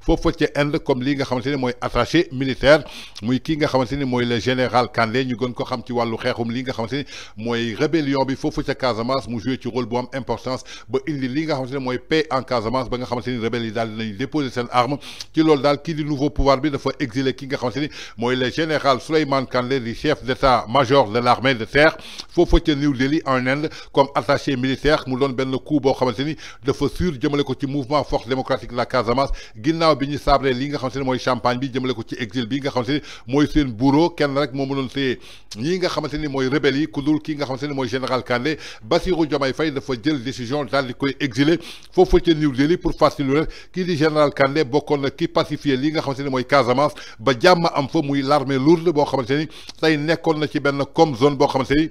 foofu fa ca Inde comme li nga xamante ni mooy attaché militaire muy ki nga xamante ni mooy le général Kandé ñu gën ko xam ci wàllu xeexum li nga xamante ni mooy rébellion bi fofu ca Casamance mu joué ci rôle bu am importance ba indi li nga xamante ni mooy paix en Casamance ba nga xamante ni rebelle yi daal dinañ déposer seen arme ci loolu daal kii di nouveau pouvoir bi dafa exilé ki nga xamante ni mooy le général souleyman Kandé di chef d'état-major de l'armée de terre foofu ca New deli en Inde comme attaché militaire mu doon benn coup boo xamante ni dafa sûr jëmale ko ci mouvement force démocratique de la Casamance ginnaaw bi ñu sabree li nga xamanteni moy champagne bi jëmele ko ci exil bi nga xamanteni moy seen bureau kenn rek mo mënon téye ñii nga xamanteni moy mooy rebelle yi ku dul ki nga xamanteni moy général Kandé Bassirou Diomaye Faye dafa jël décision daal di koy exilé foofu ci New Delhi pour faciliter ki di général Kandé bokkoon na ki pacifié li nga xamanteni moy Casamance ba jamm am fa muy l'armée lourde bo xamanteni tay tey na ci ben comme zone bo xamanteni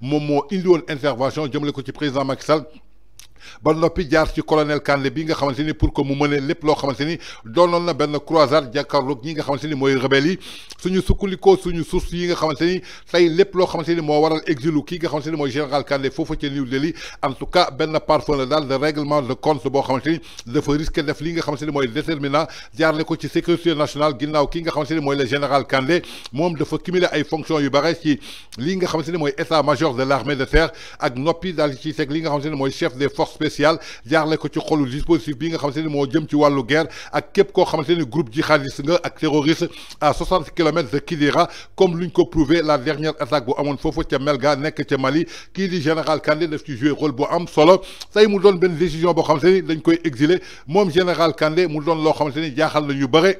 Momo, il y indi une intervention j'aime le côté président Maxal ba nopi jaar ci colonel Kandé bi nga xamante pour que mu mënee lépp loo xamante ni doonoon na benn croisade jàkkaarloog ñi nga xamante ni mooy rebelles yi suñu sukkandikoo suñu source yi nga xamante ni tey lépp loo xamante waral exilu kii nga xamante ni général Kandé foofu ca New en tout cas benn parfum la daal de règlement de compte boo xamante ni dafa risque def li nga xamante ni mooy déterminant jaarale ko ci sécurité nationale ginnaaw ki nga xamante ni mooy le général Kandé moom dafa cumuler ay fonctions yu bare ci li nga xamante ni mooy état major de l'armée de terre ak noppi daal ci teg li nga xamante ni chef des forces force spéciale jaarale ko ci xolu dispositif bi nga xamante mo jëm ci walu guerre ak képp ko xamante groupe djihadiste nga ak terroriste à 60 km de Kidira comme luñ ko prouvé la dernière attaque bu amone fofu ca Melga nek ca Mali kii di général Kandé daf ci jouer rôle bu am solo tey mu doon ben décision bo xamante dañ koy exilé mom général Kandé mu doon lo xamante jaaxal na ñu bëre.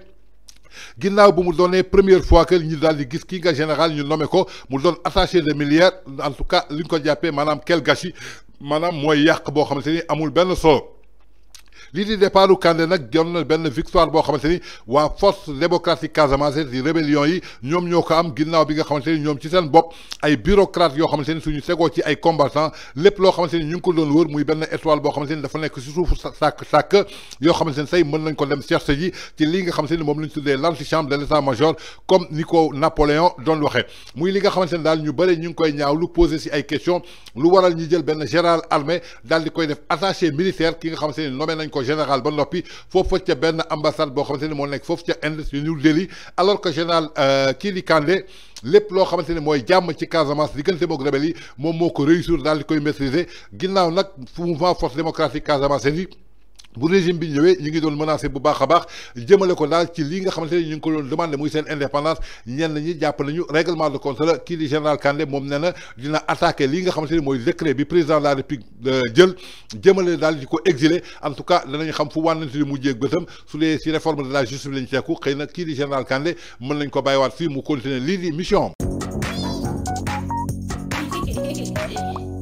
ginnaaw bu mu donné première fois que ñu dal di gis gagne nga général ñu nommé ko mu doon attaché de milliards en tout cas liñ ko jappé manam quel gâchis maanaam mooy yàq boo xamante ni amul benn solo lii di départu Kandé nag jot na benn victoire boo xamante wa force démocratique Casamance di rébellion yi ñom ñoko am ginnaw bi nga xamante ñom ci seen bop ay bureaucrates yo xamante suñu segoo ci ay combattants lépp lo xamante ñu ko doon wër muy benn étoile bo xamante dafa nek ci suufu sak sak yo xamante say mën nañ ko dem chercher ji ci li nga xamante mom lañ tuddé ñu tuddee l'antichambre de l'état-major comme ni Napoléon doon waxé muy li nga xamante dal ñu bari ñu koy ñaawlu poser ci ay questions lu waral ñu jël benn général armé dal di koy def attaché militaire ki nga xamante nomé nañ ko général ba noppi foofu ca benn ambassade boo xamante ni moo nekk foofu ca Inde ci New Delhi alors que général euh, kii di Kandé lépp loo xamante ni mooy jàmm ci Casamance diggante moog rebelle yi moom moo ko réussir daal di koy maîtriser ginnaaw nag mouvement force démocratique Casamance yi bu régime bi ñëwee ñu ngi doon menacé bu baax a baax jëmale ko daal ci lii nga xam ne ñu ngi ko doon demandé muy seen indépendance ñenn ñi jàpp nañu règlement de compte la kii di général Kandé moom nee dina attaqué li nga xamante ne mooy décret bi président de la république euh, jël jëmale daal di ko exilé en tout cas danañ xam fu wànnante ni mu jéeg bëtam su dee si réforme de la justice lañ ceeku xëy na kii di général Kandé mën nañ ko waat fii mu continuer lii di mission